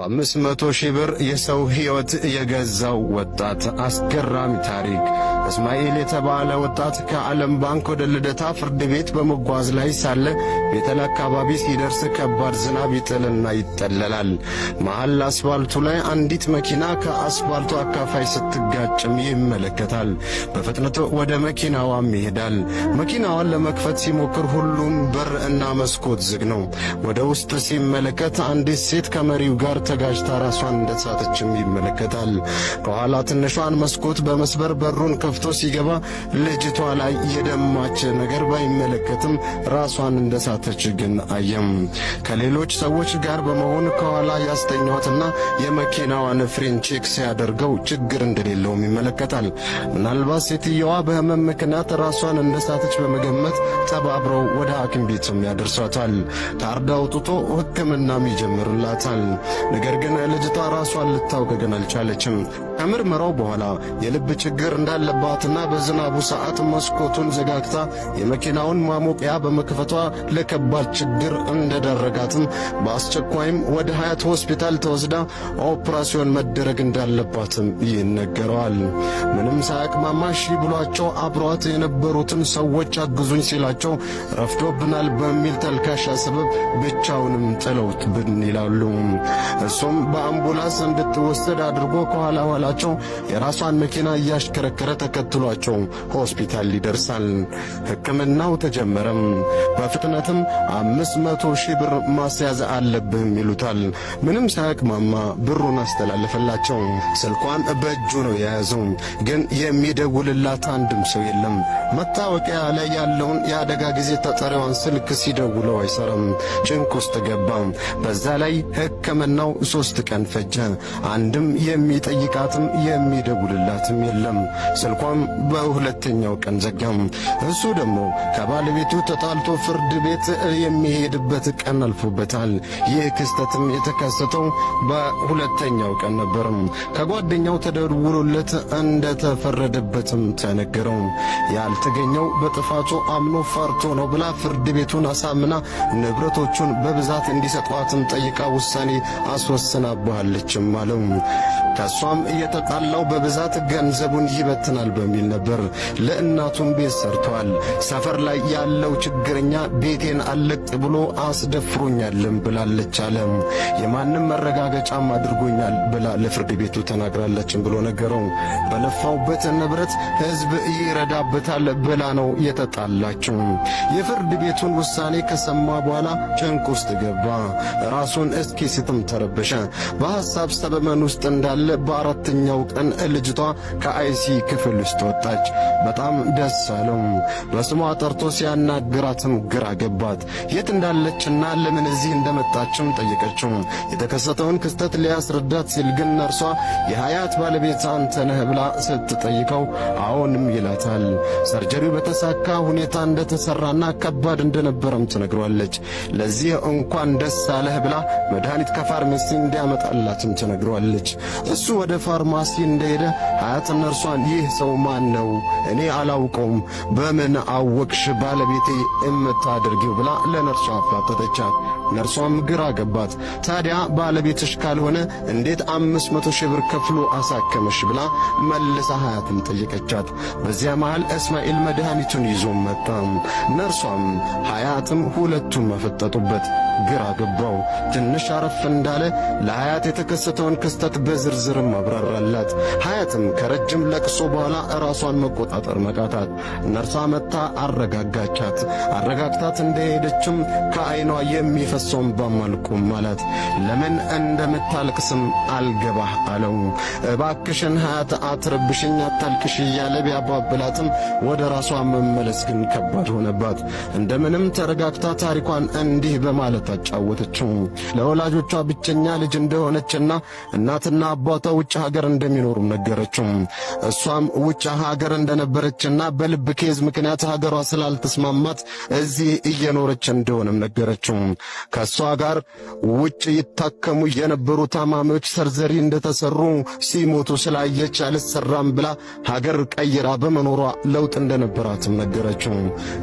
በአምስት መቶ ሺህ ብር የሰው ሕይወት የገዛው ወጣት አስገራሚ ታሪክ እስማኤል የተባለ ወጣት ከዓለም ባንክ ወደ ልደታ ፍርድ ቤት በመጓዝ ላይ ሳለ ቤተል አካባቢ ሲደርስ ከባድ ዝናብ ይጥልና ይጠለላል። መሃል አስፋልቱ ላይ አንዲት መኪና ከአስፋልቱ አካፋይ ስትጋጭም ይመለከታል። በፍጥነት ወደ መኪናዋም ይሄዳል። መኪናዋን ለመክፈት ሲሞክር ሁሉም በር እና መስኮት ዝግ ነው። ወደ ውስጥ ሲመለከት አንዲት ሴት ከመሪው ጋር ተጋጅታ ራሷን እንደሳተችም ይመለከታል። ከኋላ ትንሿን መስኮት በመስበር በሩን ከፍቶ ሲገባ ልጅቷ ላይ የደማች ነገር ባይመለከትም ራሷን እንደሳተች ግን አየም። ከሌሎች ሰዎች ጋር በመሆን ከኋላ ያስተኛትና የመኪናዋን ፍሬን ቼክ ሲያደርገው ችግር እንደሌለውም ይመለከታል። ምናልባት ሴትየዋ በህመም ምክንያት ራሷን እንደሳተች በመገመት ተባብረው ወደ ሐኪም ቤትም ያደርሷታል። ታርዳ አውጥቶ ሕክምናም ይጀምርላታል። ነገር ግን ልጅቷ ራሷን ልታውቅ ግን አልቻለችም። ከምርመራው በኋላ የልብ ችግር እንዳለ በሆነባትና በዝናቡ ሰዓት መስኮቱን ዘጋግታ የመኪናውን ማሞቂያ በመክፈቷ ለከባድ ችግር እንደደረጋትም በአስቸኳይም ወደ ሀያት ሆስፒታል ተወስዳ ኦፕራሲዮን መደረግ እንዳለባትም ይነገረዋል። ምንም ሳያቅማማ እሺ ብሏቸው አብሯት የነበሩትን ሰዎች አግዙኝ ሲላቸው ረፍዶብናል በሚል ተልካሻ ሰበብ ብቻውንም ጥለውት ብን ይላሉ። እሱም በአምቡላንስ እንድትወሰድ አድርጎ ከኋላ ኋላቸው የራሷን መኪና እያሽከረከረ ተከትሏቸው ሆስፒታል ይደርሳል። ሕክምናው ተጀመረም። በፍጥነትም አምስት መቶ ሺህ ብር ማስያዝ አለብህም ይሉታል። ምንም ሳያቅማማ ብሩን አስተላለፈላቸው። ስልኳን በእጁ ነው የያዘው። ግን የሚደውልላት አንድም ሰው የለም። መታወቂያ ላይ ያለውን የአደጋ ጊዜ ተጠሪዋን ስልክ ሲደውለው አይሰራም። ጭንቅ ውስጥ ገባ። በዛ ላይ ሕክምናው ሶስት ቀን ፈጀ። አንድም የሚጠይቃትም የሚደውልላትም የለም። ስልኳም በሁለተኛው ቀን ዘጋም። እሱ ደግሞ ከባለቤቱ ተጣልቶ ፍርድ ቤት የሚሄድበት ቀን አልፎበታል። ይህ ክስተትም የተከሰተው በሁለተኛው ቀን ነበርም። ከጓደኛው ተደውሎለት እንደተፈረደበትም ተነገረው። ያልተገኘው በጥፋቱ አምኖ ፈርቶ ነው ብላ ፍርድ ቤቱን አሳምና ንብረቶቹን በብዛት እንዲሰጧትም ጠይቃ ውሳኔ አስወስናባሃለችም አለ። አልቻለም። ከእሷም እየተጣላው በብዛት ገንዘቡን ይበትናል በሚል ነበር። ለእናቱም ቤት ሰርተዋል። ሰፈር ላይ ያለው ችግረኛ ቤቴን አለቅ ብሎ አስደፍሮኛልም ብላለች አለ። የማንም መረጋገጫም አድርጎኛል ብላ ለፍርድ ቤቱ ተናግራለችም ብሎ ነገረው። በለፋውበት ንብረት ህዝብ ይረዳበታል ብላ ነው የተጣላችው። የፍርድ ቤቱን ውሳኔ ከሰማ በኋላ ጭንቅ ውስጥ ገባ። ራሱን እስኪ ስትም ተረበሸ። በሐሳብ ሰበብ በመን ውስጥ እንዳለ በአራተኛው ቀን ልጅቷ ከአይሲ ክፍል ውስጥ ወጣች። በጣም ደስ አለው። በስሟ ጠርቶ ሲያናግራትም ግራ ገባት። የት እንዳለችና ለምን እዚህ እንደመጣችም ጠየቀችው። የተከሰተውን ክስተት ሊያስረዳት ሲል ግን እርሷ የሀያት ባለቤት አንተ ነህ ብላ ስትጠይቀው አዎንም ይላታል። ሰርጀሪው በተሳካ ሁኔታ እንደተሰራና ከባድ እንደነበረም ትነግሯለች። ለዚህ እንኳን ደስ አለህ ብላ መድኃኒት ከፋርሜሲ እንዲያመጣላትም ትነግሯል። ተናግሯለች። እሱ ወደ ፋርማሲ እንደሄደ አያት እነርሷን ይህ ሰው ማን ነው? እኔ አላውቀውም። በምን አወቅሽ ባለቤቴ የምታደርጊው ብላ ለነርሷ አፋጠጠቻት። ለእርሷም ግራ ገባት። ታዲያ ባለቤትሽ ካልሆነ እንዴት አምስት መቶ ሺህ ብር ከፍሎ አሳከመሽ ብላ መልሳ ሀያትን ጠየቀቻት። በዚያ መሃል እስማኤል መድኃኒቱን ይዞ መጣ። ነርሷም ሀያትም ሁለቱም መፈጠጡበት ግራ ገባው። ትንሽ አረፍ እንዳለ ለሀያት የተከሰተውን ክስተት በዝርዝርም አብራራላት። ሀያትም ከረጅም ለቅሶ በኋላ ራሷን መቆጣጠር መቃታት፣ ነርሷ መጥታ አረጋጋቻት። አረጋግታት እንደሄደችም ከዐይኗ የሚፈ በፍጹም በማልቁም ማለት ለምን እንደምታልቅስም አልገባህ አለው። እባክሽን ሀያት አትረብሽኝ፣ አታልቅሽ እያለ ቢያባብላትም ወደ ራሷ መመለስ ግን ከባድ ሆነባት። እንደምንም ተረጋግታ ታሪኳን እንዲህ በማለት አጫወተችው። ለወላጆቿ ብቸኛ ልጅ እንደሆነችና እናትና አባቷ ውጭ ሀገር እንደሚኖሩ ነገረችው። እሷም ውጭ ሀገር እንደነበረችና በልብ ኬዝ ምክንያት ሀገሯ ስላልተስማማት እዚህ እየኖረች እንደሆነም ነገረችው። ከእሷ ጋር ውጭ ይታከሙ የነበሩ ታማሚዎች ሰርዘሪ እንደተሰሩ ሲሞቱ ስላየች አልሰራም ብላ ሀገር ቀይራ በመኖሯ ለውጥ እንደነበራትም ነገረችው።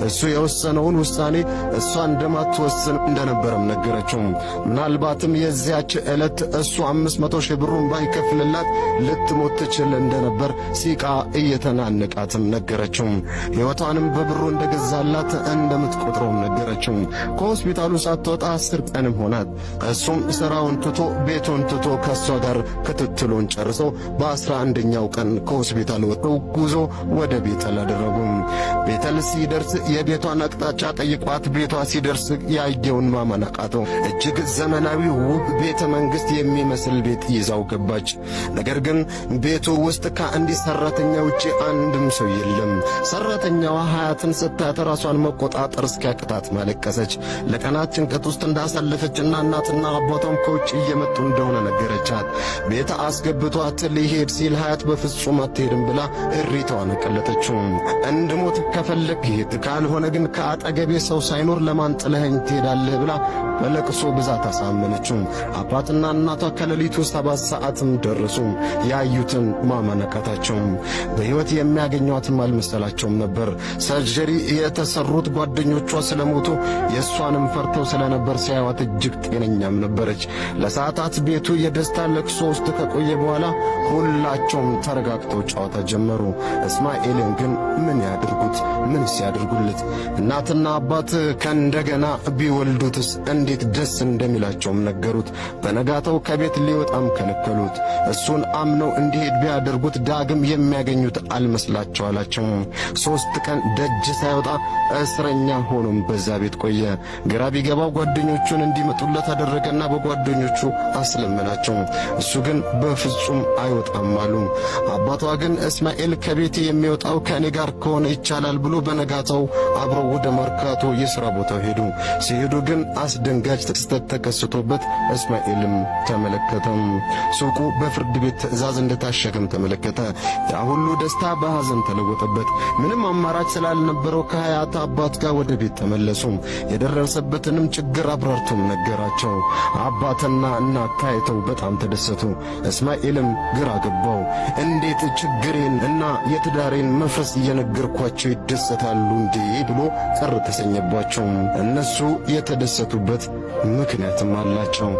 እሱ የወሰነውን ውሳኔ እሷ እንደማትወስን እንደነበረም ነገረችው። ምናልባትም የዚያች ዕለት እሱ አምስት መቶ ሺህ ብሩን ባይከፍልላት ልትሞት ትችል እንደነበር ሲቃ እየተናነቃትም ነገረችው። ሕይወቷንም በብሩ እንደገዛላት እንደምትቆጥረውም ነገረችው። ከሆስፒታሉ ሳትወጣ አስር ቀንም ሆናት። እሱም ስራውን ትቶ ቤቱን ትቶ ከእሷ ጋር ክትትሉን ጨርሶ በአስራ አንደኛው ቀን ከሆስፒታል ወጥተው ጉዞ ወደ ቤተል አደረጉም። ቤተል ሲደርስ የቤቷን አቅጣጫ ጠይቋት፣ ቤቷ ሲደርስ ያየውን ማመን እጅግ ዘመናዊ ውብ ቤተ መንግሥት የሚመስል ቤት ይዛው ገባች። ነገር ግን ቤቱ ውስጥ ከአንዲት ሠራተኛ ውጪ አንድም ሰው የለም። ሠራተኛዋ ሀያትን ስታያት ራሷን መቆጣጠር እስኪያቅታት ማለቀሰች። ለቀናት ጭንቀት ውስጥ እንዳሳለፈችና እናትና አባቷም ከውጭ እየመጡ እንደሆነ ነገረቻት። ቤት አስገብቷት ሊሄድ ሲል ሀያት በፍጹም አትሄድም ብላ እሪታዋን ቀለጠችው። እንድሞት ከፈለግ ሂድ፣ ካልሆነ ግን ከአጠገቤ ሰው ሳይኖር ለማን ጥለኸኝ ትሄዳለህ ብላ በለቅሶ ብዛት አሳመነችው። አባትና እናቷ ከሌሊቱ ሰባት ሰዓትም ደረሱ። ያዩትን ማመን አቃታቸው። በሕይወት የሚያገኟትም አልመሰላቸውም ነበር። ሰርጀሪ የተሰሩት ጓደኞቿ ስለሞቱ የእሷንም ፈርተው ስለነበር ነበር ሲያዩት እጅግ ጤነኛም ነበረች። ለሰዓታት ቤቱ የደስታ ለቅሶ ውስጥ ከቆየ በኋላ ሁላቸውም ተረጋግተው ጨዋታ ጀመሩ። እስማኤልን ግን ምን ያድርጉት? ምን ሲያድርጉለት? እናትና አባት ከእንደገና ቢወልዱትስ እንዴት ደስ እንደሚላቸውም ነገሩት። በነጋተው ከቤት ሊወጣም ከለከሉት። እሱን አምነው እንዲሄድ ቢያደርጉት ዳግም የሚያገኙት አልመስላቸው አላቸው። ሦስት ቀን ደጅ ሳይወጣ እስረኛ ሆኖም በዛ ቤት ቆየ። ግራ ቢገባው ጓደኞ ጓደኞቹን እንዲመጡለት አደረገና በጓደኞቹ አስለመናቸው። እሱ ግን በፍጹም አይወጣም አሉ። አባቷ ግን እስማኤል ከቤቴ የሚወጣው ከእኔ ጋር ከሆነ ይቻላል ብሎ በነጋታው አብረው ወደ መርካቶ የሥራ ቦታው ሄዱ። ሲሄዱ ግን አስደንጋጭ ክስተት ተከስቶበት እስማኤልም ተመለከተም። ሱቁ በፍርድ ቤት ትዕዛዝ እንደታሸገም ተመለከተ። ያ ሁሉ ደስታ በሐዘን ተለወጠበት። ምንም አማራጭ ስላልነበረው ከሀያት አባት ጋር ወደ ቤት ተመለሱ። የደረሰበትንም ችግር ነገር አብራርቶም ነገራቸው። አባትና እናት ታይተው በጣም ተደሰቱ። እስማኤልም ግራ ገባው። እንዴት ችግሬን እና የትዳሬን መፍረስ እየነገርኳቸው ይደሰታሉ እንዴ ብሎ ቅር ተሰኘባቸው። እነሱ የተደሰቱበት ምክንያትም አላቸው።